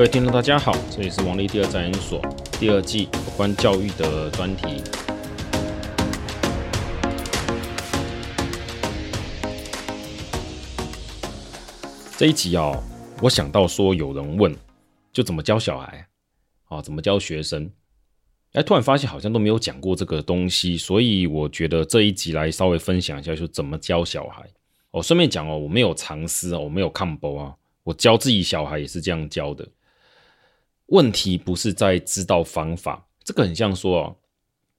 各位聽眾，大家好，這裡是王立第二戰研所第二季有關教育的專題。這一集哦，我想到說有人問，就怎麼教小孩啊、哦？怎麼教學生？哎，突然發現好像都沒有講過這個東西，所以我覺得這一集來稍微分享一下，就怎麼教小孩。哦，順便講哦，我沒有藏私哦，我沒有看播啊，我教自己小孩也是這樣教的。問題不是在知道方法，這個很像說哦，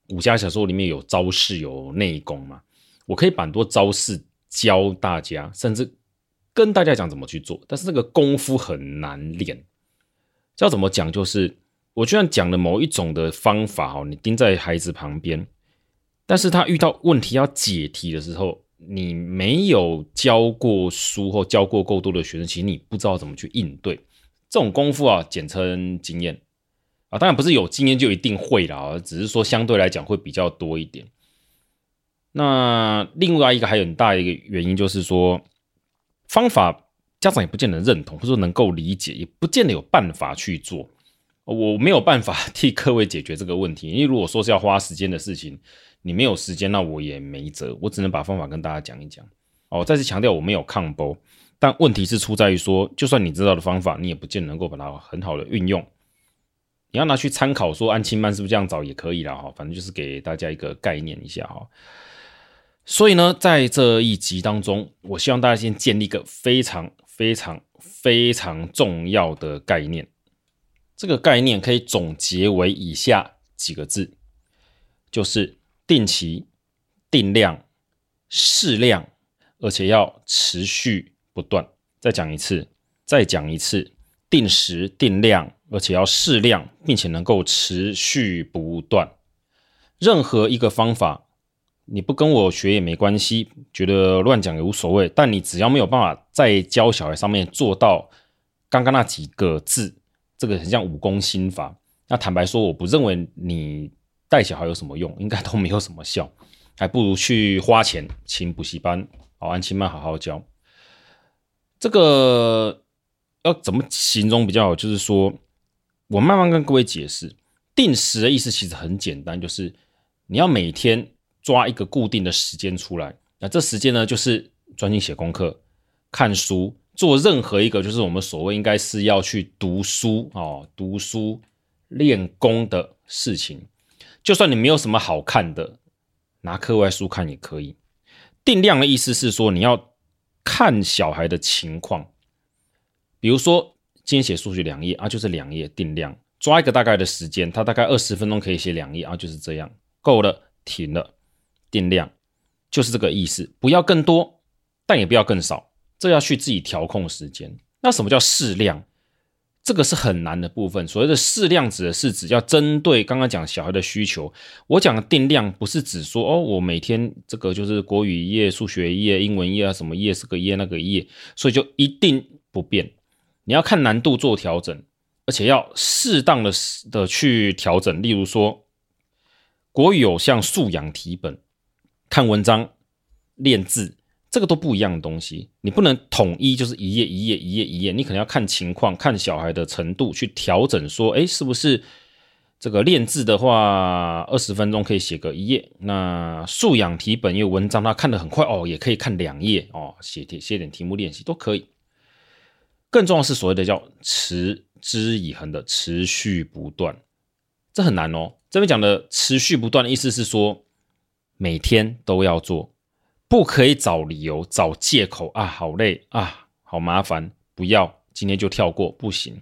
武俠小說裡面有招式有內功嘛，我可以把很多招式教大家，甚至跟大家講怎麼去做，但是那個功夫很難練。要怎麼講？就是我雖然講了某一種的方法哦，你盯在孩子旁邊，但是他遇到問題要解題的時候，你沒有教過書或教過夠多的學生，其實你不知道怎麼去應對。這種功夫啊，簡稱經驗啊，當然不是有經驗就一定會啦，只是說相對來講會比較多一點。那另外一個還有很大一個原因就是說，方法家長也不見得認同，或者說能夠理解，也不見得有辦法去做。我沒有辦法替各位解決這個問題，因為如果說是要花時間的事情，你沒有時間，那我也沒轍，我只能把方法跟大家講一講。哦，再次強調，我沒有藏步。但問題是出在於說，就算你知道的方法，你也不見得能夠把它很好的運用。你要拿去參考，說安清慢是不是這樣找也可以啦。哈，反正就是給大家一個概念一下哈。所以呢，在這一集當中，我希望大家先建立一個非常，非常非常非常重要的概念。這個概念可以總結為以下幾個字，就是定期、定量、適量，而且要持續。不斷。再講一次，再講一次，定時定量，而且要適量，並且能夠持續不斷。任何一個方法，你不跟我學也沒關係，覺得亂講也無所謂。但你只要沒有辦法在教小孩上面做到剛剛那幾個字，這個很像武功心法。那坦白說，我不認為你帶小孩有什麼用，應該都沒有什麼效，還不如去花錢請補習班，好，安親班好好教。這個要怎麼形容比較好？就是說，我慢慢跟各位解釋。定時的意思其實很簡單，就是你要每天抓一個固定的時間出來。那這時間呢，就是專心寫功課、看書、做任何一個，就是我們所謂應該是要去讀書哦，讀書、練功的事情。就算你沒有什麼好看的，拿課外書看也可以。定量的意思是說，你要。看小孩的情況，比如說今天寫數據兩頁啊，就是兩頁定量，抓一個大概的時間，他大概二十分鐘可以寫兩頁啊，就是這樣，夠了停了，定量就是這個意思，不要更多，但也不要更少，這要去自己調控時間。那什麼叫適量？這個是很難的部分。所謂的適量的，指的是要針對剛剛講小孩的需求。我講的定量，不是指說哦，我每天這個就是國語一頁、數學一頁、英文一頁啊，什麼頁這個頁那個頁，所以就一定不變。你要看難度做調整，而且要適當的的去調整。例如說，國語有像素養題本，看文章，練字。這個都不一樣的東西，你不能統一，就是一頁，一頁一頁一頁一頁，你可能要看情況，看小孩的程度去調整。說，誒是不是這個練字的話，二十分鐘可以寫個一頁？那素養題本因為文章，他看得很快哦，也可以看兩頁哦，寫題寫點題目練習都可以。更重要的是所謂的叫持之以恆的持續不斷，這很難哦。這邊講的持續不斷的意思是說，每天都要做。不可以找理由、找借口啊！好累啊！好麻煩，不要，今天就跳過，不行。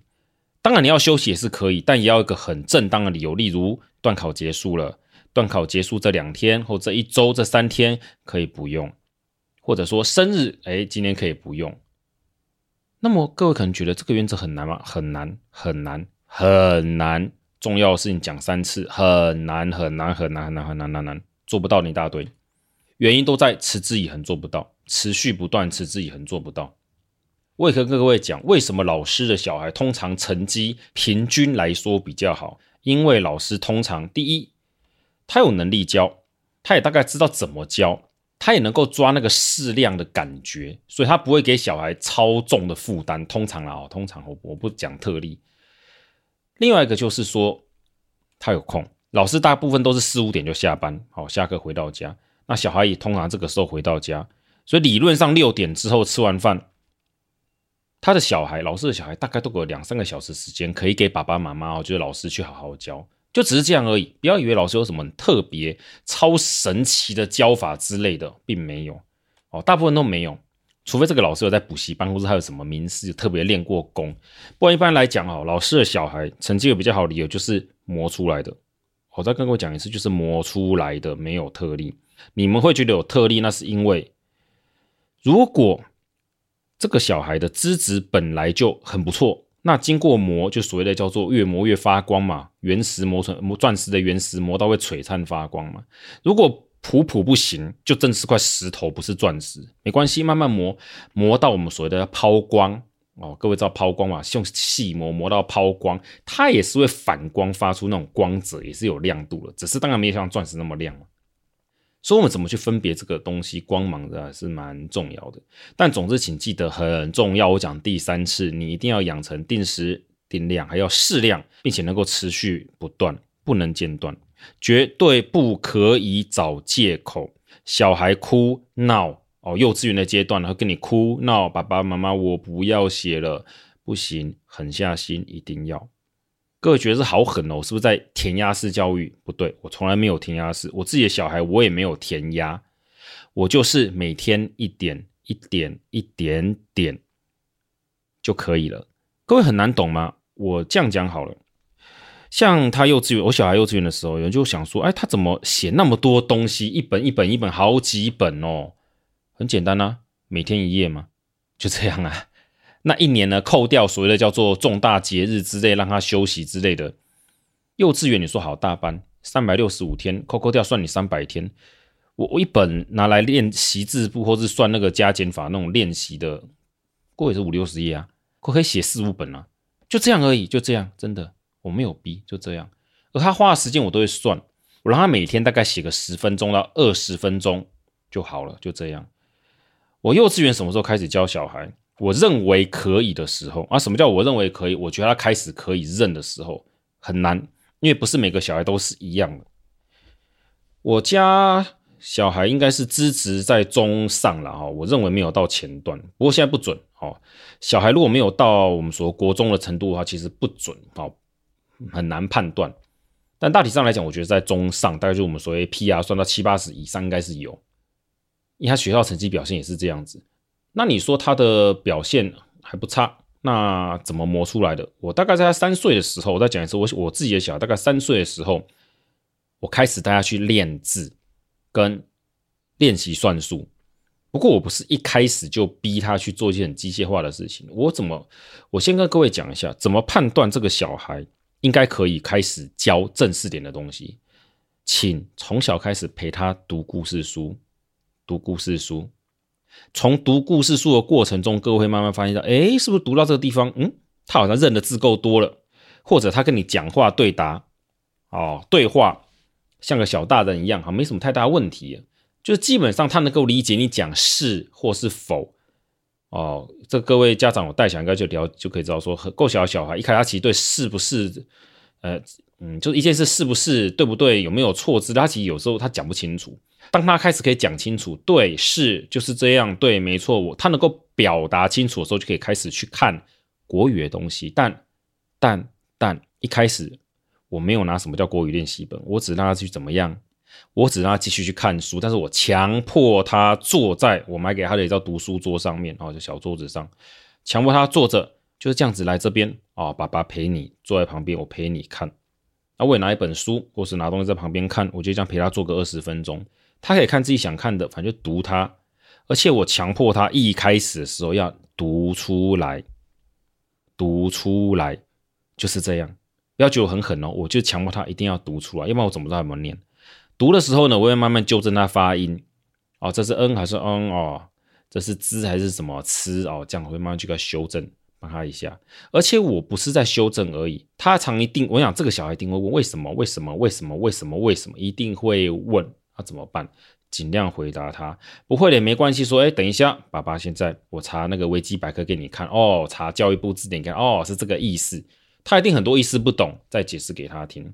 當然你要休息也是可以，但也要有一個很正當的理由，例如段考結束了，段考結束這兩天或這一周這三天可以不用，或者說生日，哎，今天可以不用。那麼各位可能覺得這個原則很難嗎？很難，很難，很難，很難，很難，很難，重要的事情講三次，很難，很難，很難，很難，很難，很難難，做不到的一大堆。原因都在持之以恆做不到，持續不斷，持之以恆做不到。我也跟各位講，為什麼老師的小孩通常成績平均來說比較好？因為老師通常第一，他有能力教，他也大概知道怎麼教，他也能夠抓那個適量的感覺，所以他不會給小孩超重的負擔。通常啊，通常我我不講特例。另外一個就是說，他有空，老師大部分都是四五點就下班，好，下課回到家。那小孩也通常這個時候回到家，所以理論上六點之後吃完飯，他的小孩、老師的小孩大概都有兩三個小時時間可以給爸爸媽媽哦，就是老師去好好教，就只是這樣而已。不要以為老師有什麼特別、超神奇的教法之類的，並沒有哦，大部分都沒有，除非這個老師有在補習班，或者他有什麼名師特別練過功。不然一般來講哦，老師的小孩成績有比較好的理由就是磨出來的。我再跟跟各位講一次，就是磨出來的沒有特例，你們會覺得有特例，那是因為如果這個小孩的資質本來就很不錯，那經過磨，就所謂的叫做越磨越發光嘛，原石磨成磨鑽石的原石磨到會璀璨發光嘛。如果普普不行，就真是塊石頭，不是鑽石，沒關係，慢慢磨，磨到我們所謂的拋光。哦，各位知道拋光嘛？用細磨磨到拋光，它也是會反光，發出那種光澤，也是有亮度的，只是當然沒有像鑽石那麼亮嘛。所以，我們怎麼去分別這個東西光芒的，還是蠻重要的。但總之，請記得很重要。我講第三次，你一定要養成定時、定量，還要適量，並且能夠持續不斷，不能間斷，絕對不可以找借口。小孩哭鬧。Now. 哦，幼稚園的階段，然後跟你哭鬧，爸爸媽媽，我不要寫了，不行，狠下心，一定要。各位覺得是好狠哦，是不是在填鴨式教育？不對，我從來沒有填鴨式，我自己的小孩我也沒有填鴨，我就是每天一點一點一點點就可以了。各位很難懂嗎？我這樣講好了。像他幼稚園，我小孩幼稚園的時候，有人就想說，哎，他怎麼寫那麼多東西，一本一本一本，一本，好幾本哦。很簡單啊，每天一頁嘛，就這樣啊。那一年呢，扣掉所謂的叫做重大節日之類，讓他休息之類的。幼稚園你說好，大班三百六十五天扣，扣掉，算你三百天。我，我一本拿來練習字簿或是算那個加減法那種練習的，過也是五六十頁啊，我可以寫四五本啊，就這樣而已，就這樣，真的我沒有逼，就這樣。而他花的時間我都會算，我讓他每天大概寫個十分鐘到二十分鐘就好了，就這樣。我幼稚園什麼時候開始教小孩？我認為可以的時候啊，什麼叫我認為可以？我覺得他開始可以認的時候很難，因為不是每個小孩都是一樣的。我家小孩應該是資質在中上了哈，我認為沒有到前段，不過現在不準哦。小孩如果沒有到我們說國中的程度的話，其實不準哦，很難判斷。但大體上來講，我覺得在中上，大概就我們所謂 PR 算到七八十以上，應該是有。因為他學校成績表現也是這樣子，那你說他的表現還不差，那怎麼磨出來的？我大概在他三歲的時候，我再講一次，我我自己的小孩大概三歲的時候，我開始帶他去練字，跟練習算術。不過我不是一開始就逼他去做一些很機械化的事情。我怎麼？我先跟各位講一下，怎麼判斷這個小孩應該可以開始教正式點的東西，請從小開始陪他讀故事書。讀故事書，從讀故事書的過程中，各位會慢慢發現到，哎，是不是讀到這個地方，嗯，他好像認得字夠多了，或者他跟你講話對答，哦，對話像個小大人一樣，好，沒什麼太大問題，就是、基本上他能夠理解你講是或是否，哦，這各位家長我帶小孩，應該就聊就可以知道說，夠小的小孩，一開始他其實對是不是，呃，嗯，就一件事是不是對不對，有沒有錯字，他其實有時候他講不清楚。當他開始可以講清楚，對，是就是這樣，對，沒錯，我他能夠表達清楚的時候，就可以開始去看國語的東西。但，但，但一開始我沒有拿什麼叫國語練習本，我只讓他去怎麼樣，我只讓他繼續去看書，但是我強迫他坐在我買給他的一張讀書桌上面，哦，就小桌子上，強迫他坐着，就是這樣子來這邊，哦，爸爸陪你坐在旁邊，我陪你看。那我也拿一本書或是拿東西在旁邊看，我就這樣陪他坐個二十分鐘。他可以看自己想看的，反正就讀他，而且我強迫他一開始的時候要讀出來，讀出來就是這樣，要求很狠哦，我就強迫他一定要讀出來，要不然我怎麼知道怎麼念？讀的時候呢，我會慢慢糾正他發音，哦，這是 n 還是 n 哦，這是 z 還是什麼吃哦，這樣我會慢慢去給他修正，幫他一下。而且我不是在修正而已，他常一定，我想這個小孩一定會問為什麼，為什麼，為什麼，為什麼，為什麼，一定會問。那、啊、怎麼辦？盡量回答他。不會的也沒關係，說、欸、哎，等一下，爸爸現在我查那個維基百科給你看。哦，查教育部字典看，哦，是這個意思。他一定很多意思不懂，再解釋給他聽。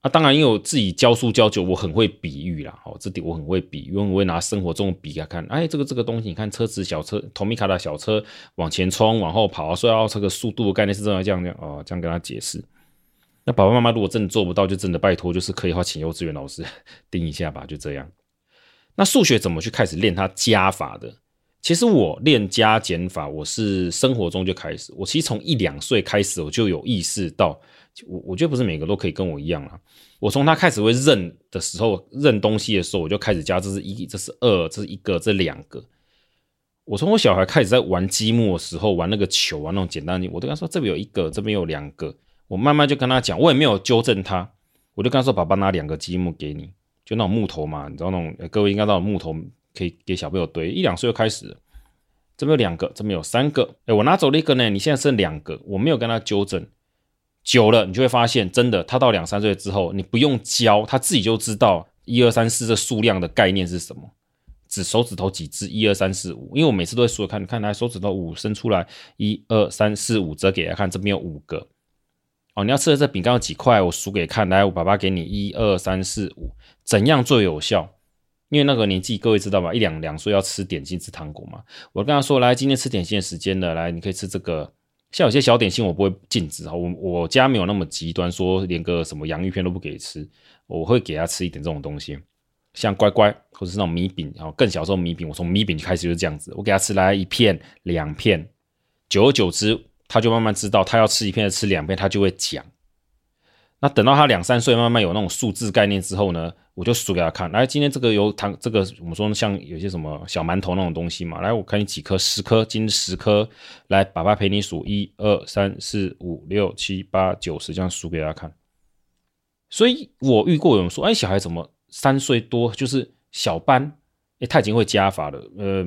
啊，當然，因為我自己教書教久，我很會比喻啦。哦，這點我很會比，因為我會拿生活中比給他看。哎，這個這個東西，你看車子小車，Tomica 的小車往前衝，往後跑，啊，說要這個速度的概念是的這樣這樣哦，這樣跟他解釋。那爸爸媽媽如果真的做不到，就真的拜托，就是可以的話，請幼稚園老師 盯一下吧，就這樣。那數學怎麼去開始練他加法的？其實我練加減法，我是生活中就開始。我其實從一兩歲開始，我就有意識到，我我覺得不是每個都可以跟我一樣啦、啊。我從他開始會認的時候，認東西的時候，我就開始加，這是一，這是二，這是一個，這兩個。我從我小孩開始在玩積木的時候，玩那個球啊，那種簡單的，我都跟他說，這邊有一個，這邊有兩個。我慢慢就跟他講，我也沒有糾正他，我就跟他說：“爸爸拿兩個積木給你，就那種木頭嘛，你知道那種，各位應該知道木頭可以給小朋友堆。一兩歲就開始，這邊有兩個，這邊有三個，哎，我拿走了一個呢，你現在剩兩個。我沒有跟他糾正，久了你就會發現，真的，他到兩三歲之後，你不用教，他自己就知道一二三四這數量的概念是什麼，指手指頭幾隻，一二三四五。因為我每次都會數，看看他手指頭五伸出來，一二三四五折給他看，這邊有五個。”哦，你要吃的這餅乾有幾塊？我數給看，來，我爸爸給你一二三四五，怎樣最有效？因為那個年紀，各位知道吧？一兩兩歲要吃點心吃糖果嘛。我跟他說，來，今天吃點心的時間了，來，你可以吃這個。像有些小點心，我不會禁止哈，我我家沒有那麼極端，說連個什麼洋芋片都不給吃，我會給他吃一點這種東西，像乖乖或者是那種米餅啊。然後更小時候米餅，我從米餅就開始就是這樣子，我給他吃來一片兩片，久而久之。他就慢慢知道，他要吃一片，吃兩片，他就會講。那等到他兩三歲，慢慢有那種數字概念之後呢，我就數給他看。來，今天這個有糖，這個我們說像有些什麼小饅頭那種東西嘛。來，我看你幾顆，十顆，今天十顆。來，爸爸陪你數，一二三四五六七八九十，這樣數給他看。所以我遇過有人說，哎，小孩怎麼三歲多就是小班，哎，他已經會加法了。呃，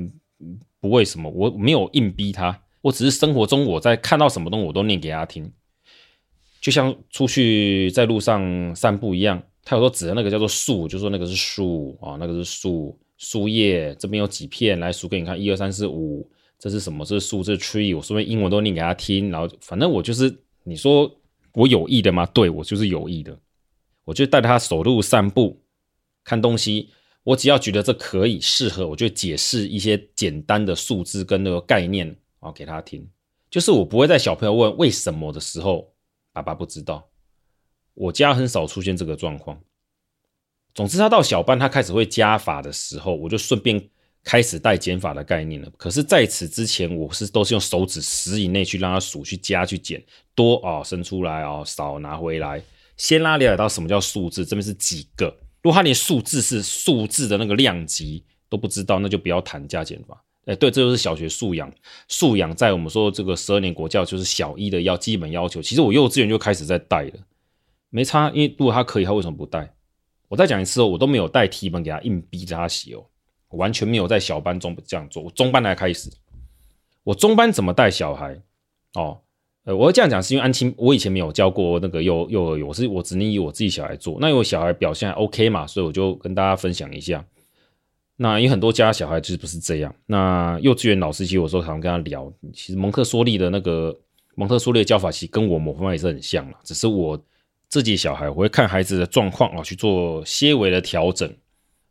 不為什麼，我沒有硬逼他。我只是生活中我在看到什麼東西我都念給他聽，就像出去在路上散步一樣。他有時候指的那個叫做樹，就說那個是樹啊，那個是樹，樹葉這邊有幾片，來數給你看，一二三四五，這是什麼？這是樹，是 tree。我順便英文都念給他聽，然後反正我就是你說我有意的嗎？對我就是有意的，我就帶他走路散步，看東西。我只要覺得這可以適合，我就解釋一些簡單的數字跟那個概念。哦，給他聽，就是我不會在小朋友問為什麼的時候，爸爸不知道。我家很少出現這個狀況。總之，他到小班，他開始會加法的時候，我就順便開始帶減法的概念了。可是，在此之前，我是都是用手指十以內去讓他數、去加、去減，多哦，伸出來哦，少拿回來，先拉理解到什麼叫數字，這邊是幾個。如果他連數字是數字的那個量級都不知道，那就不要談加減法。誒、欸，對，這就是小學素養，素養在我們說這個十二年國教就是小一的要基本要求。其實我幼稚園就開始在帶了，沒差。因為如果他可以，他為什麼不帶？我再講一次哦，我都沒有帶題本給他，硬逼着他寫哦，我完全沒有在小班中這樣做。我中班來開始，我中班怎麼帶小孩？哦，呃，我會這樣講是因為安青，我以前沒有教過那個幼幼兒園，我是我只能以我自己小孩做。那因為我小孩表現還 OK 嘛，所以我就跟大家分享一下。那有很多家小孩就是不是這樣。那幼稚園老師其實有時候常常跟他聊，其實蒙特梭利的那個蒙特梭利的教法，其實跟我某方面也是很像啦，只是我自己小孩，我會看孩子的狀況啊去做些微的調整。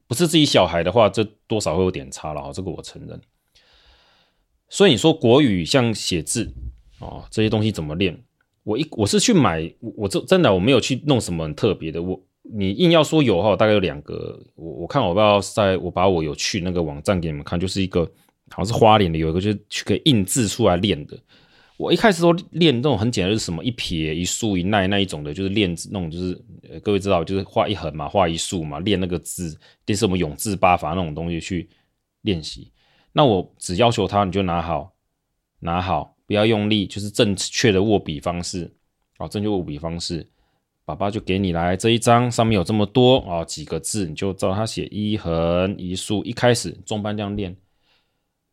不是自己小孩的話，這多少會有點差了啊，這個我承認。所以你說國語像寫字啊，哦，這些東西怎麼練？我一我是去買，我這真的我沒有去弄什麼很特別的，我。你硬要說有的話，大概有兩個。我我看我不要在，我把我有去那個網站給你們看，就是一個好像是花臉的，有一個就是去可以印字出來練的。我一開始都練那種很簡單，是什麼一撇一豎一捺那一種的，就是練那種就是各位知道，就是畫一橫嘛，畫一豎嘛，練那個字。這是我們永字八法那種東西去練習。那我只要求他，你就拿好，拿好，不要用力，就是正確的握筆方式啊，正確握筆方式。爸爸就給你來這一張，上面有這麼多啊、哦、幾個字，你就照他寫一橫一豎，一開始中班這樣練，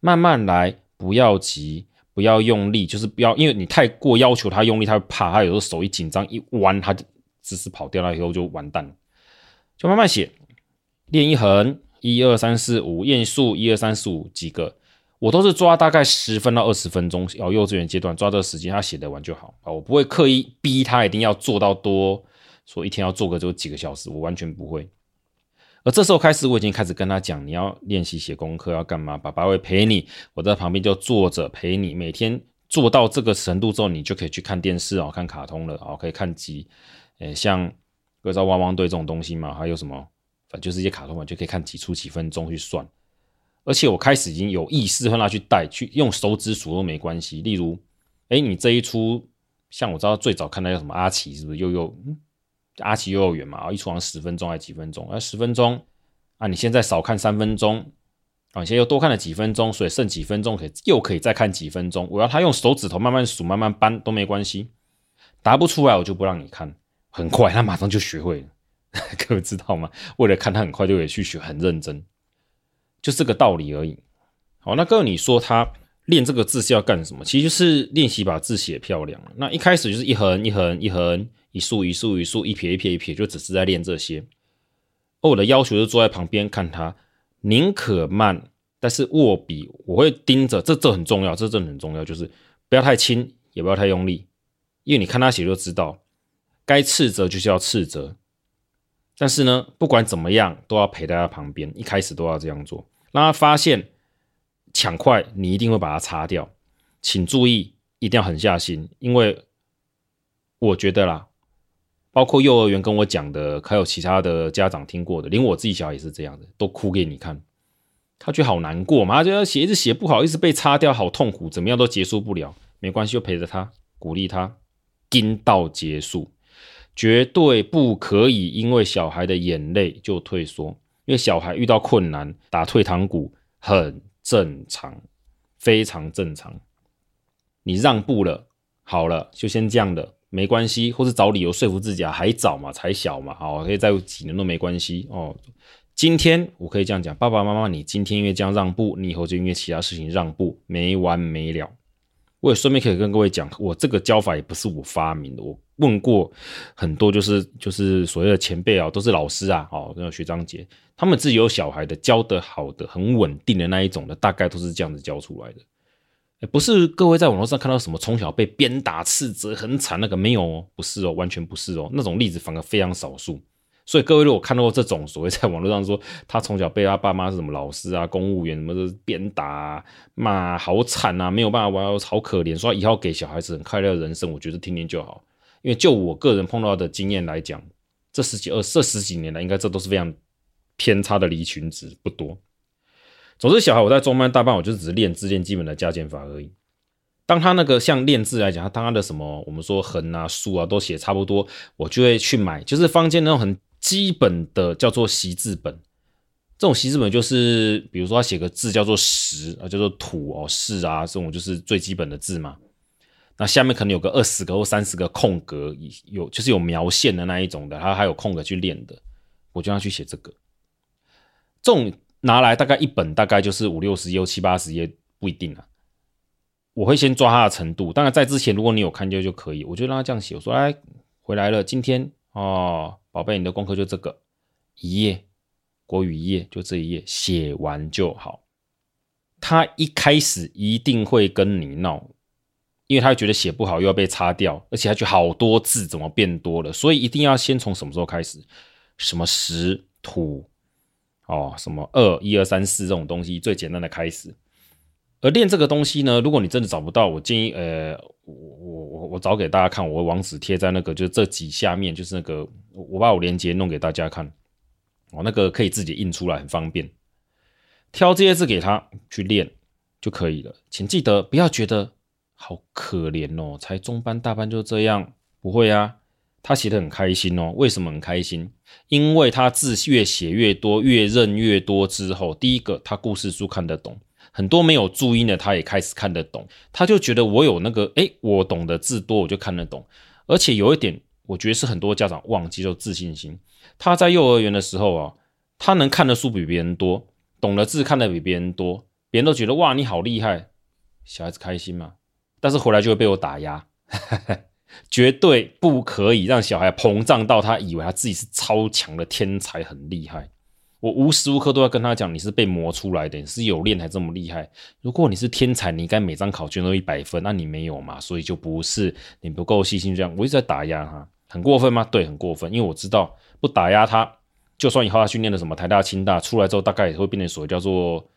慢慢來，不要急，不要用力，就是不要，因為你太過要求他用力，他會怕，他有時候手一緊張一彎，他的姿勢跑掉了以後就完蛋了，就慢慢寫，練一橫一二三四五，練豎一二三四五幾個。我都是抓大概十分到二十分鐘，然後幼稚園階段抓這個時間，他寫得完就好。我不會刻意逼他一定要做到多，說一天要做個就幾個小時，我完全不會。而這時候開始，我已經開始跟他講，你要練習寫功課要幹嘛，爸爸會陪你，我在旁邊就坐着陪你，每天做到這個程度之後，你就可以去看電視，看卡通了，可以看幾，誒，像《各照汪汪隊》這種東西嘛，還有什麼，反正就是一些卡通嘛，就可以看幾出幾分鐘去算。而且我開始已經有意識讓他去帶，去用手指數都沒關係。例如，哎、欸，你這一出，像我知道最早看到有什麼阿奇是不是？幼幼，嗯、阿奇幼幼園嘛，一出好像十分鐘還幾分鐘？啊，十分鐘，啊，你現在少看三分鐘，啊，你現在又多看了幾分鐘，所以剩幾分鐘可以又可以再看幾分鐘。我要他用手指頭慢慢數，慢慢扳，都沒關係。答不出來，我就不讓你看。很快，他馬上就學會了，各位知道嗎？為了看他，很快就會去學，很認真。就是個道理而已。好，那哥，你說他練這個字是要幹什麼？其實就是練習把字寫漂亮。那一開始就是一橫一橫一橫，一豎一豎一豎，一撇一撇一撇，就只是在練這些。而我的要求是坐在旁邊看他，寧可慢，但是握筆我會盯着，這這很重要，這這很重要，就是不要太輕，也不要太用力，因為你看他寫就知道，該斥責就是要斥責。但是呢，不管怎麼樣，都要陪在他旁邊，一開始都要這樣做。那他發現搶快，你一定會把它擦掉，請注意，一定要狠下心，因為我覺得啦，包括幼兒園跟我講的，還有其他的家長聽過的，連我自己小孩也是這樣的，都哭給你看，他覺得好難過嘛，他覺得寫字寫不好，一直被擦掉，好痛苦，怎麼樣都結束不了，沒關係，就陪着他，鼓勵他，盯到結束，絕對不可以因為小孩的眼淚就退縮。因為小孩遇到困難打退堂鼓很正常，非常正常。你讓步了，好了，就先這樣的，沒關係，或是找理由說服自己啊，還早嘛，才小嘛，好，可以再有幾年都沒關係哦。今天我可以這樣講，爸爸媽媽，你今天因為這樣讓步，你以後就因為其他事情讓步沒完沒了。我也順便可以跟各位講，我這個教法也不是我發明的。我問過很多，就是就是所謂的前輩啊、哦，都是老師啊，哦，那個、學長姐，他們自己有小孩的，教得好的，很穩定的那一種的，大概都是這樣子教出來的。哎，不是各位在網絡上看到什麼從小被鞭打、斥責、很慘那個沒有、哦，不是哦，完全不是哦，那種例子反而非常少數。所以各位如果看到這種所謂在網絡上說他從小被他爸媽是什麼老師啊、公務員什麼、就是、鞭打罵、啊，好慘啊，沒有辦法玩，好可憐，說以後給小孩子很快樂的人生，我覺得聽聽就好。因為就我個人碰到的經驗來講，這十幾二這十幾年來，應該這都是非常偏差的離群值不多。總之，小孩我在中班大班，我就是只是練字練基本的加減法而已。當他那個像練字來講，他當他的什麼我們說橫啊豎啊都寫差不多，我就會去買就是坊間那種很基本的叫做習字本。這種習字本就是比如說他寫個字叫做石啊，叫做土哦，是啊這種就是最基本的字嘛。那下面可能有個二十個或三十個空格，有，就是有描線的那一種的，他還有空格去練的，我就讓他去寫這個。這種拿來大概一本，大概就是五六十頁、七八十頁不一定了啊。我會先抓他的程度，當然在之前如果你有看就就可以，我就讓他這樣寫。我說：“哎，回來了，今天哦，寶貝，你的功課就這個一頁，國語一頁，就這一頁，寫完就好。”他一開始一定會跟你鬧。因為他覺得寫不好，又要被擦掉，而且他覺得好多字怎麼變多了，所以一定要先從什麼時候開始？什麼十、土，哦，什麼二、一二三四這種東西最簡單的開始。而練這個東西呢，如果你真的找不到，我建議，呃，我我我我找給大家看，我網址貼在那個，就是這集下面，就是那個，我把我鏈接弄給大家看，哦，那個可以自己印出來，很方便。挑這些字給他去練就可以了，請記得不要覺得。好可憐哦，才中班大班就這樣？不會啊，他寫得很開心哦。為什麼很開心？因為他字越寫越多，越認越多之後，第一個他故事書看得懂，很多沒有注音的他也開始看得懂。他就覺得我有那個，誒，我懂的字多，我就看得懂。而且有一點，我覺得是很多家長忘記，就自信心。他在幼兒園的時候啊、哦，他能看的書比別人多，懂的字看得比別人多，別人都覺得哇，你好厲害。小孩子開心嘛。但是回來就會被我打壓， 絕對不可以讓小孩膨脹到他以為他自己是超強的天才，很厲害。我無時無刻都要跟他講，你是被磨出來的，你是有練才這麼厲害。如果你是天才，你應該每張考卷都一百分啊，那你沒有嘛？所以就不是你不夠細心這樣。我一直在打壓他，很過分嗎？對，很過分。因為我知道不打壓他，就算以後他訓練了什麼台大、清大出來之後，大概也會變成所謂叫做。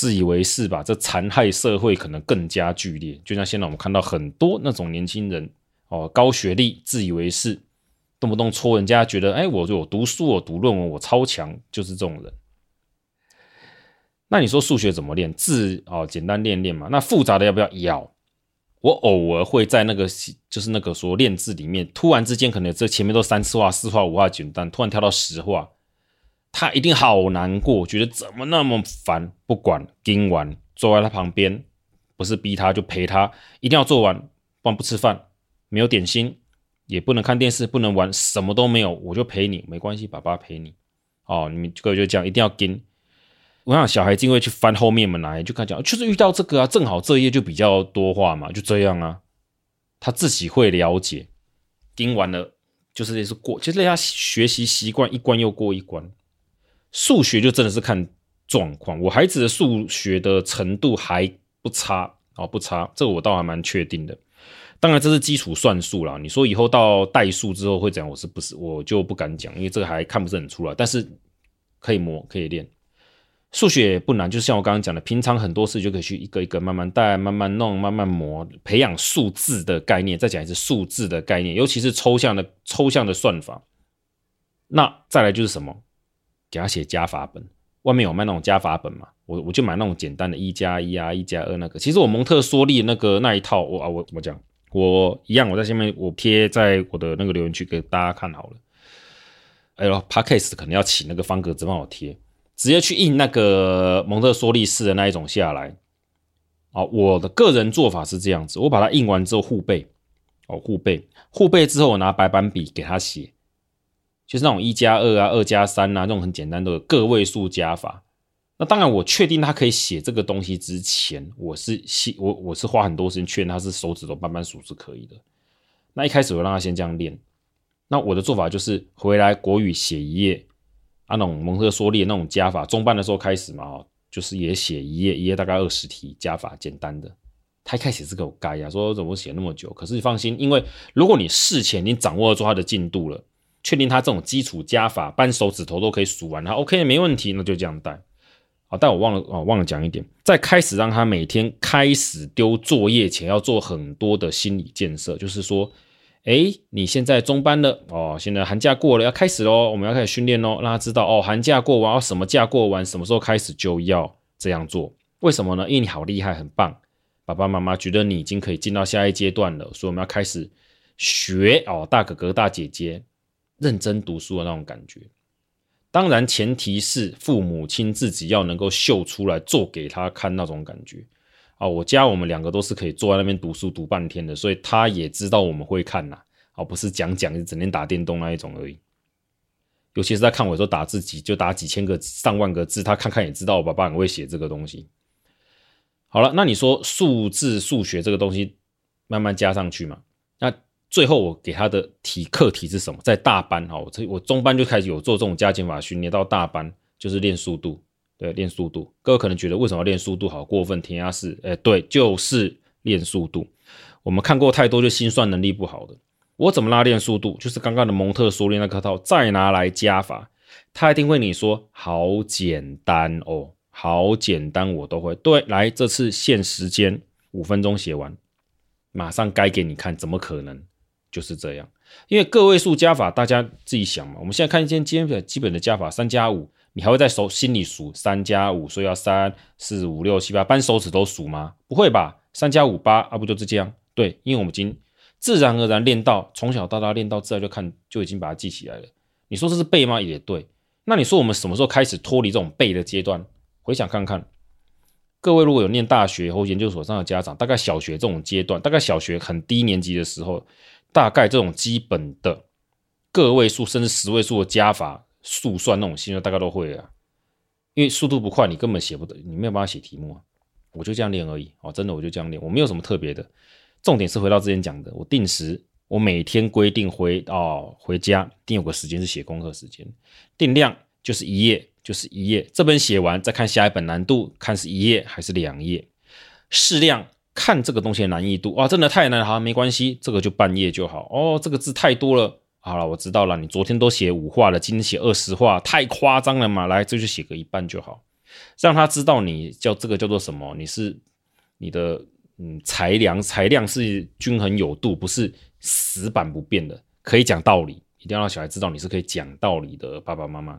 自以為是吧？這殘害社會可能更加劇烈，就像現在我們看到很多那種年輕人哦，高學歷，自以為是，動不動戳人家，覺得哎，我就我讀書，我讀論文，我超強，就是這種人。那你說數學怎麼練？字哦，簡單練練嘛。那複雜的要不要咬？我偶爾會在那個就是那個說練字裡面，突然之間可能這前面都三次畫四次畫五畫簡單，突然跳到十畫他一定好難過，覺得怎麼那麼煩。不管盯完，坐在他旁邊，不是逼他就陪他，一定要做完，不然不吃飯，沒有點心，也不能看電視，不能玩，什麼都沒有，我就陪你，沒關係，爸爸陪你。哦，你們各位就講，一定要盯。我想小孩子因為去翻後面門來，就看講，就是遇到這個啊，正好這一頁就比較多話嘛，就這樣啊，他自己會了解。盯完了，就是也是過，其實他學習習慣一關又過一關。數學就真的是看狀況，我孩子的數學的程度還不差哦，不差，這個我倒還蠻確定的。當然這是基礎算術啦，你說以後到代數之後會怎樣？我是不是我就不敢講，因為這個還看不是很出來。但是可以磨，可以練，數學也不難，就像我剛剛講的，平常很多事就可以去一個一個慢慢帶，慢慢弄，慢慢磨，培養數字的概念。再講一次，數字的概念，尤其是抽象的抽象的算法。那再來就是什麼？給他寫加法本，外面有賣那種加法本嘛？我我就買那種簡單的，一加一啊，一加二那個。其實我蒙特梭利那個那一套，我啊我怎麼講？我一樣，我在下面我貼在我的那個留言區給大家看好了。哎呦，package 肯定要起那個方格子幫我貼，直接去印那個蒙特梭利式的那一種下來。好，我的個人做法是這樣子，我把它印完之後護貝，哦護貝護貝之後，我拿白板筆給他寫。就是那種一加二啊，二加三啊，這種很簡單，都有個位數加法。那當然，我確定他可以寫這個東西之前，我是寫我我是花很多時間確認他是手指頭慢慢數是可以的。那一開始我讓他先這樣練。那我的做法就是回來國語寫一頁，啊，那種蒙特梭利的那種加法，中班的時候開始嘛，就是也寫一頁，一頁大概二十題加法，簡單的。他一開始是給我該呀，說怎麼寫那麼久？可是你放心，因為如果你事前你掌握住他的進度了。確定他這種基礎加法，扳手指頭都可以數完，他 OK 沒問題，那就這樣帶。好，但我忘了哦，忘了講一點，在開始讓他每天開始丟作業前，要做很多的心理建設，就是說，哎、欸，你現在中班了哦，現在寒假過了要開始嘍，我們要開始訓練咯，讓他知道哦，寒假過完、哦、什麼假過完，什麼時候開始就要這樣做。為什麼呢？因為你好厲害，很棒，爸爸媽媽覺得你已經可以進到下一階段了，所以我們要開始學哦，大哥哥大姐姐。認真讀書的那種感覺，當然前提是父母親自己要能夠秀出來做給他看那種感覺啊。我家我們兩個都是可以坐在那邊讀書讀半天的，所以他也知道我們會看吶，而不是講講，整天打電動那一種而已。尤其是在看我，說打字己就打幾千個、上萬個字，他看看也知道我爸爸很會寫這個東西。好了，那你說數字、數學這個東西慢慢加上去嘛？那？最後我給他的題課題是什麼？在大班啊，我這我中班就開始有做這種加減法訓練，到大班就是練速度，對，練速度。各位可能覺得為什麼要練速度，好過分填鴨式，哎，對，就是練速度。我們看過太多就心算能力不好的，我怎麼拉練速度？就是剛剛的蒙特梭利那套再拿來加法，他一定會你說好簡單哦，好簡單，我都會。對，來這次限時間五分鐘寫完，馬上該給你看，怎麼可能？就是這樣，因為個位數加法，大家自己想嘛。我們現在看一件基本的基本的加法，三加五，你還會在手心裡數三加五，所以要三四五六七八，扳手指都數嗎？不會吧，三加五八啊，不就是這樣？對，因為我們已經自然而然練到從小到大練到自然，就看就已經把它記起來了。你說這是背嗎？也對。那你說我們什麼時候開始脫離這種背的階段？回想看看，各位如果有念大學或研究所上的家長，大概小學這種階段，大概小學很低年級的時候。大概這種基本的個位數甚至十位數的加法速算那種性質，大概都會啊。因為速度不快，你根本寫不得，你沒有辦法寫題目啊。我就這樣練而已哦，真的我就這樣練，我沒有什麼特別的。重點是回到之前講的，我定時，我每天規定回哦回家定有個時間是寫功課時間。定量就是一頁，就是一頁，這本寫完再看下一本，難度看是一頁還是兩頁。適量。看這個東西的難易度哇、啊，真的太難了、啊。沒關係，這個就半頁就好哦。這個字太多了。好了，我知道了。你昨天都寫五畫了，今天寫二十畫，太誇張了嘛。來，這就寫個一半就好，讓他知道你叫這個叫做什麼。你是你的嗯，裁量裁量，是均衡有度，不是死板不變的，可以講道理。一定要讓小孩知道你是可以講道理的，爸爸媽媽。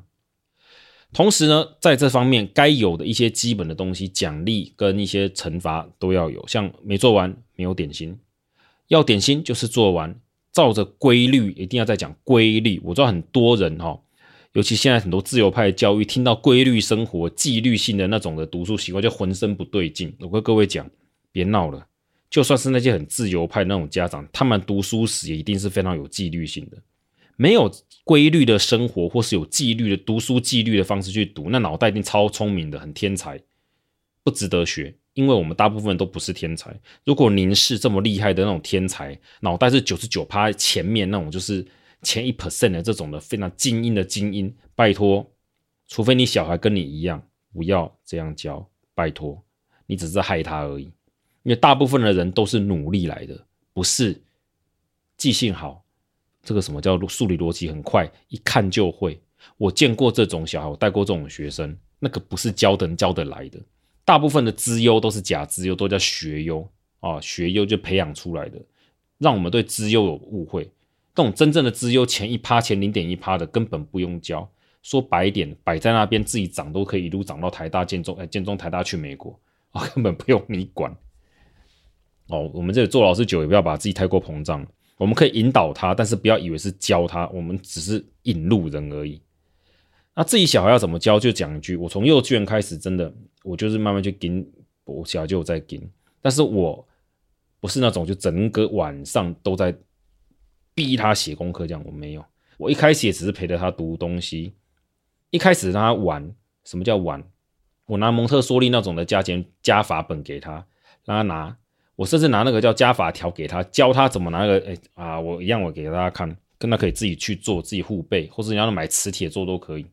同時呢，在這方面該有的一些基本的東西，獎勵跟一些懲罰都要有。像沒做完沒有點心，要點心就是做完，照着規律一定要再講規律。我知道很多人哈、哦，尤其現在很多自由派的教育，聽到規律生活、紀律性的那種的讀書習慣，就渾身不對勁。我跟各位講，別鬧了。就算是那些很自由派的那種家長，他們讀書時也一定是非常有紀律性的。沒有規律的生活，或是有紀律的讀書紀律的方式去讀，那腦袋一定超聰明的，很天才，不值得學。因為我們大部分都不是天才。如果您是這麼厲害的那種天才，腦袋是九十九趴前面那種，就是前一 percent 的這種的，非常精英的精英，拜託，除非你小孩跟你一樣，不要這樣教，拜託，你只是害他而已。因為大部分的人都是努力來的，不是記性好。這個什麼叫數理邏輯很快，一看就會。我見過這種小孩，我帶過這種學生，那個不是教的教得來的。大部分的資優都是假資優，都叫學優啊，學優就培養出來的，讓我們對資優有誤會。這種真正的資優前，前一趴前零點一趴的，根本不用教。說白點，擺在那邊自己長都可以，一路長到台大、建中，哎，建中、台大去美國啊，根本不用你管。哦，我們這裡做老師久，也不要把自己太過膨脹。我們可以引導他，但是不要以為是教他，我們只是引路人而已。那自己小孩要怎麼教，就講一句：我從幼稚園開始，真的，我就是慢慢就跟，我小孩就有在跟。但是我不是那種就整個晚上都在逼他寫功課這樣，我沒有。我一開始也只是陪着他讀東西，一開始讓他玩。什麼叫玩？我拿蒙特梭利那種的加減加法本給他，讓他拿。我甚至拿那個叫加法條給他，教他怎麼拿，那個哎啊，我一樣我給大家看，跟他可以自己去做自己互背，或是你讓他買磁鐵做都可以，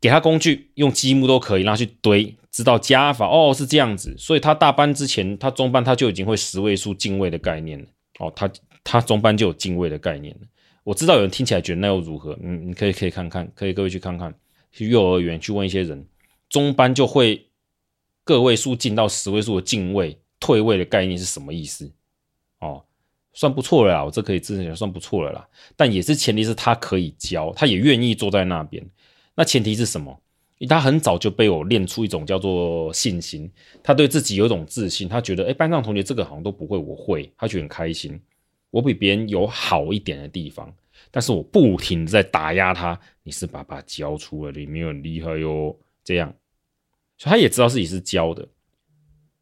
給他工具用積木都可以拿去堆，知道加法哦是這樣子，所以他大班之前他中班他就已經會十位數進位的概念了哦，他他中班就有進位的概念了。我知道有人聽起來覺得那又如何？嗯，你可以可以看看，可以各位去看看，去幼兒園去問一些人，中班就會個位數進到十位數的進位。退位的概念是什麼意思？哦，算不錯了啦，我這可以支撐起來，算不錯了啦。但也是前提是他可以教，他也願意坐在那邊。那前提是什麼？因為他很早就被我練出一種叫做信心，他對自己有一種自信，他覺得哎，班上同學這個好像都不會，我會，他就很開心。我比別人有好一點的地方，但是我不停在打壓他，你是爸爸教出來的，你沒有很厲害喲。這樣，所以他也知道自己是教的。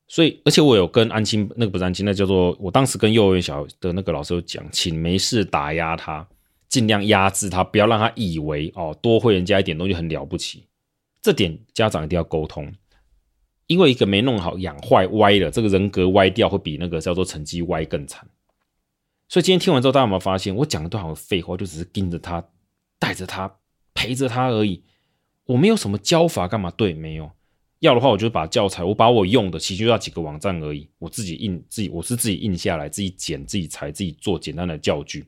所以，而且我有跟安親那個不是安親那個、叫做我當時跟幼兒園小的那個老師有講，請沒事打壓他，儘量壓制他，不要讓他以為哦多會人家一點東西很了不起。這點家長一定要溝通，因為一個沒弄好養壞歪了，這個人格歪掉會比那個叫做成績歪更慘。所以今天聽完之後，大家有沒有發現我講的都好廢話？就只是跟着他，帶着他，陪着他而已，我沒有什麼教法，幹嘛對沒有？要的話，我就把教材，我把我用的，其實就那幾個網站而已。我自己印，自己我是自己印下來，自己剪，自己裁，自己做簡單的教具。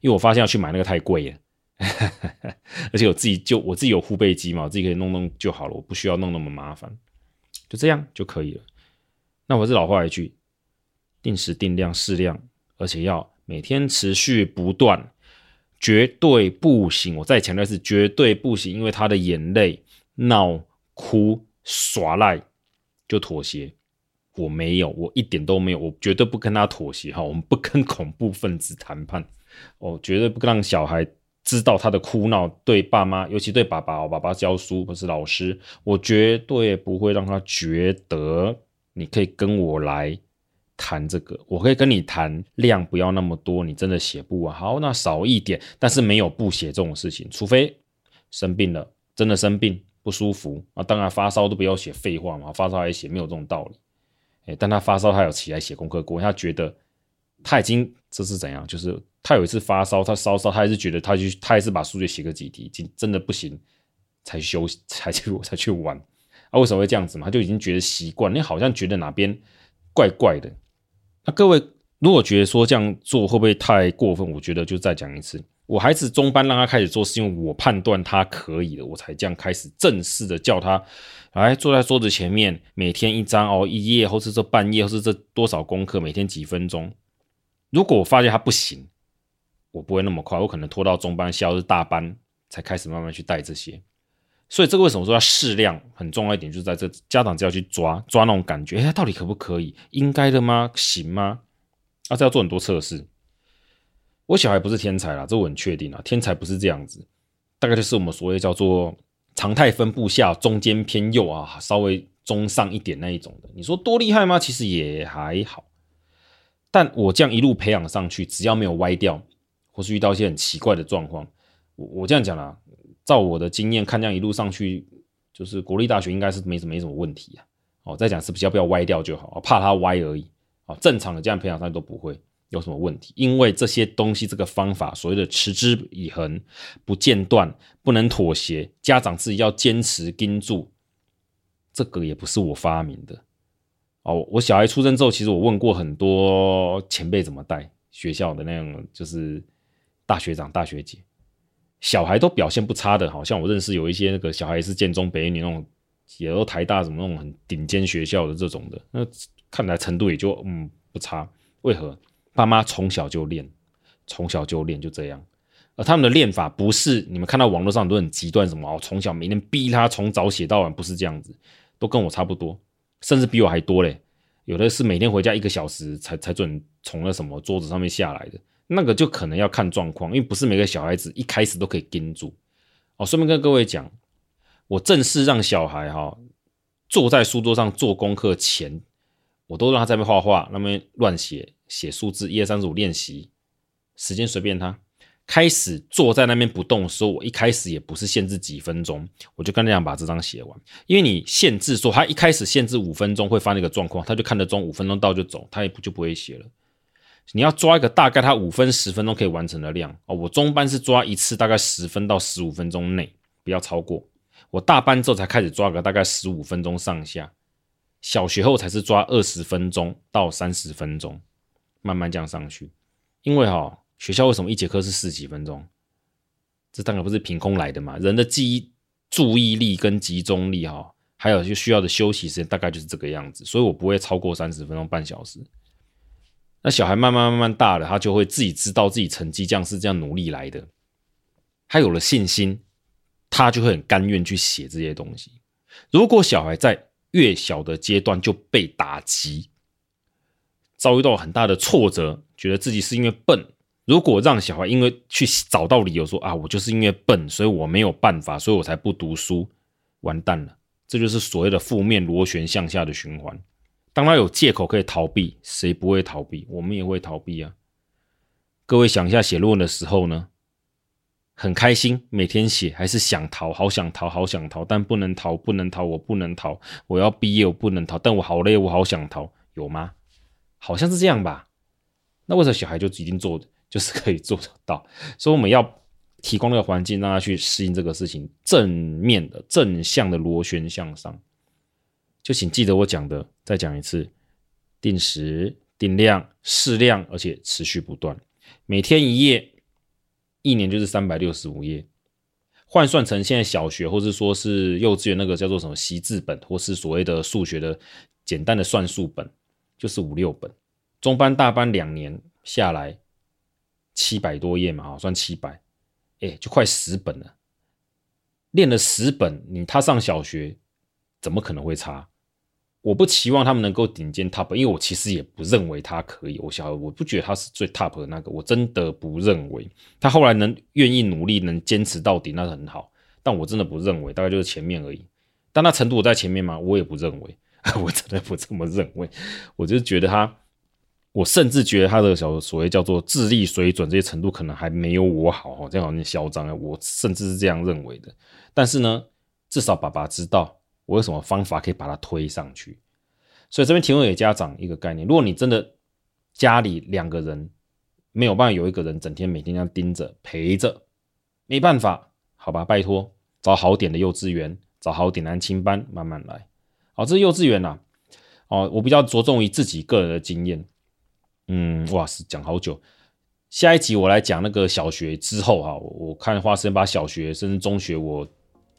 因為我發現要去買那個太貴了， 而且我自己就我自己有護背機嘛，我自己可以弄弄就好了，我不需要弄那麼麻煩，就這樣就可以了。那我是老話一句，定時、定量、適量，而且要每天持續不斷，絕對不行。我再強調是絕對不行，因為他的眼淚、鬧哭。耍賴就妥協，我沒有，我一點都沒有，我絕對不跟他妥協哈。我們不跟恐怖分子談判，我絕對不讓小孩知道他的哭鬧，對爸媽，尤其對爸爸，我爸爸教書，不是老師，我絕對不會讓他覺得你可以跟我來談這個，我可以跟你談，量不要那麼多，你真的寫不完，好，那少一點，但是沒有不寫這種事情，除非生病了，真的生病。不舒服啊，當然發燒都不要寫，廢話嘛，發燒還寫沒有這種道理。哎、欸，但他發燒他還有起來寫功課過，他覺得他已經這是怎樣，就是他有一次發燒，他燒燒他還是覺得他去他還是把數學寫個幾題，真真的不行才休息才去才，才去玩。啊，為什麼會這樣子嘛？他就已經覺得習慣，你好像覺得哪邊怪怪的。那、啊、各位如果覺得說這樣做會不會太過分，我覺得就再講一次。我孩子中班讓他開始做事情，因為我判斷他可以了，我才這樣開始正式的叫他，來、哎、坐在桌子前面，每天一張哦，一頁，或是這半頁，或是這多少功課，每天幾分鐘。如果我發現他不行，我不會那麼快，我可能拖到中班下，或是大班才開始慢慢去帶這些。所以這個為什麼說要適量，很重要一點就是在這，家長就要去抓抓那種感覺，他、欸、到底可不可以？應該的嗎？行嗎？而且要做很多測試。我小孩不是天才啦，這我很確定啊。天才不是這樣子，大概就是我們所謂叫做常態分布下中間偏右啊，稍微中上一點那一種的。你說多厲害嗎？其實也還好。但我這樣一路培養上去，只要沒有歪掉，或是遇到一些很奇怪的狀況，我我這樣講啦、啊，照我的經驗看，這樣一路上去就是國立大學應該是沒什麼沒什麼問題啊。哦，再講是不是是要不要歪掉就好，怕他歪而已啊、哦。正常的這樣培養上去都不會。有什麼問題？因為這些東西，這個方法所謂的持之以恆、不間斷、不能妥協，家長自己要堅持盯住。這個也不是我發明的哦。我小孩出生之後，其實我問過很多前輩怎麼帶學校的那種，就是大學長、大學姐，小孩都表現不差的。好像我認識有一些那個小孩是建中、北女那種，也都台大什麼那種很頂尖學校的這種的，那看來程度也就嗯不差。為何？爸媽從小就練，從小就練就這樣，而他們的練法不是你們看到網絡上都很極端什麼，我、哦、從小每天逼他從早寫到晚，不是這樣子，都跟我差不多，甚至比我還多嘞。有的是每天回家一個小時才才准從那什麼桌子上面下來的，那個就可能要看狀況，因為不是每個小孩子一開始都可以盯住。哦，順便跟各位講，我正式讓小孩哈、哦、坐在書桌上做功課前，我都讓他在那邊畫畫，那邊亂寫。寫數字一、二、三、四、五練習，時間隨便他。開始坐在那邊不動的時候，我一開始也不是限制幾分鐘，我就跟那樣把這張寫完。因為你限制說他一開始限制五分鐘會發那個狀況，他就看着鐘五分鐘到就走，他也就不會寫了。你要抓一個大概他五分十分鐘可以完成的量哦，我中班是抓一次大概十分到十五分鐘內，不要超過。我大班之後才開始抓個大概十五分鐘上下，小學後才是抓二十分鐘到三十分鐘。慢慢降上去，因為哈、哦、學校為什麼一節課是四十幾分鐘？這當然不是憑空來的嘛。人的記憶、注意力跟集中力哈、哦，還有就需要的休息時間，大概就是這個樣子。所以我不會超過三十分鐘，半小時。那小孩慢慢慢慢大了，他就會自己知道自己成績這樣是這樣努力來的，他有了信心，他就會很甘願去寫這些東西。如果小孩在越小的階段就被打擊，遭遇到很大的挫折，覺得自己是因為笨。如果讓小孩因為去找到理由說啊，我就是因為笨，所以我沒有辦法，所以我才不讀書，完蛋了。這就是所謂的負面螺旋向下的循環。當他有借口可以逃避，誰不會逃避？我們也會逃避啊。各位想一下，寫論文的時候呢，很開心，每天寫，還是想逃，想逃，好想逃，好想逃，但不能逃，不能逃，我不能逃，我要畢業，我不能逃，但我好累，我好想逃，有嗎？好像是這樣吧，那為什麼小孩就一定做，就是可以做得到？所以我們要提供那個環境，讓他去適應這個事情，正面的、正向的螺旋向上。就請記得我講的，再講一次：定時、定量、適量，而且持續不斷。每天一頁，一年就是三百六十五頁。換算成現在小學，或是說是幼稚園那個叫做什麼習字本，或是所謂的數學的簡單的算術本，就是五六本，中班大班兩年下來，七百多頁嘛，好，算七百，誒，就快十本了。練了十本，你他上小學怎麼可能會差？我不期望他們能夠頂尖 top，因為我其實也不認為他可以。我小孩，我不覺得他是最 top 的那個，我真的不認為。他後來能願意努力，能堅持到底，那是很好。但我真的不認為，大概就是前面而已。但那程度我在前面嗎？我也不認為。我真的不這麼認為，我就覺得他，我甚至覺得他的小所謂叫做智力水準這些程度可能還沒有我好哦，這樣有點囂張啊，我甚至是這樣認為的。但是呢，至少爸爸知道我有什麼方法可以把他推上去。所以這邊提供給家長一個概念：如果你真的家裡兩個人沒有辦法有一個人整天每天這樣盯着陪着，沒辦法，好吧，拜託，找好點的幼稚園，找好點的安親班，慢慢來。哦、這這幼稚園吶、啊，哦，我比較着重於自己個人的經驗。嗯，哇，是講好久。下一集我來講那個小學之後哈，我看花先把小學甚至中學我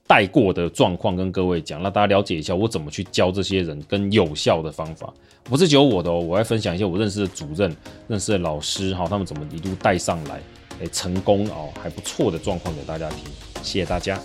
帶過的狀況跟各位講，讓大家了解一下我怎麼去教這些人跟有效的方法。不是只有我的哦，我來分享一下我認識的主任、認識的老師哈，他們怎麼一路帶上來，誒、欸，成功哦，還不錯的狀況給大家聽。謝謝大家。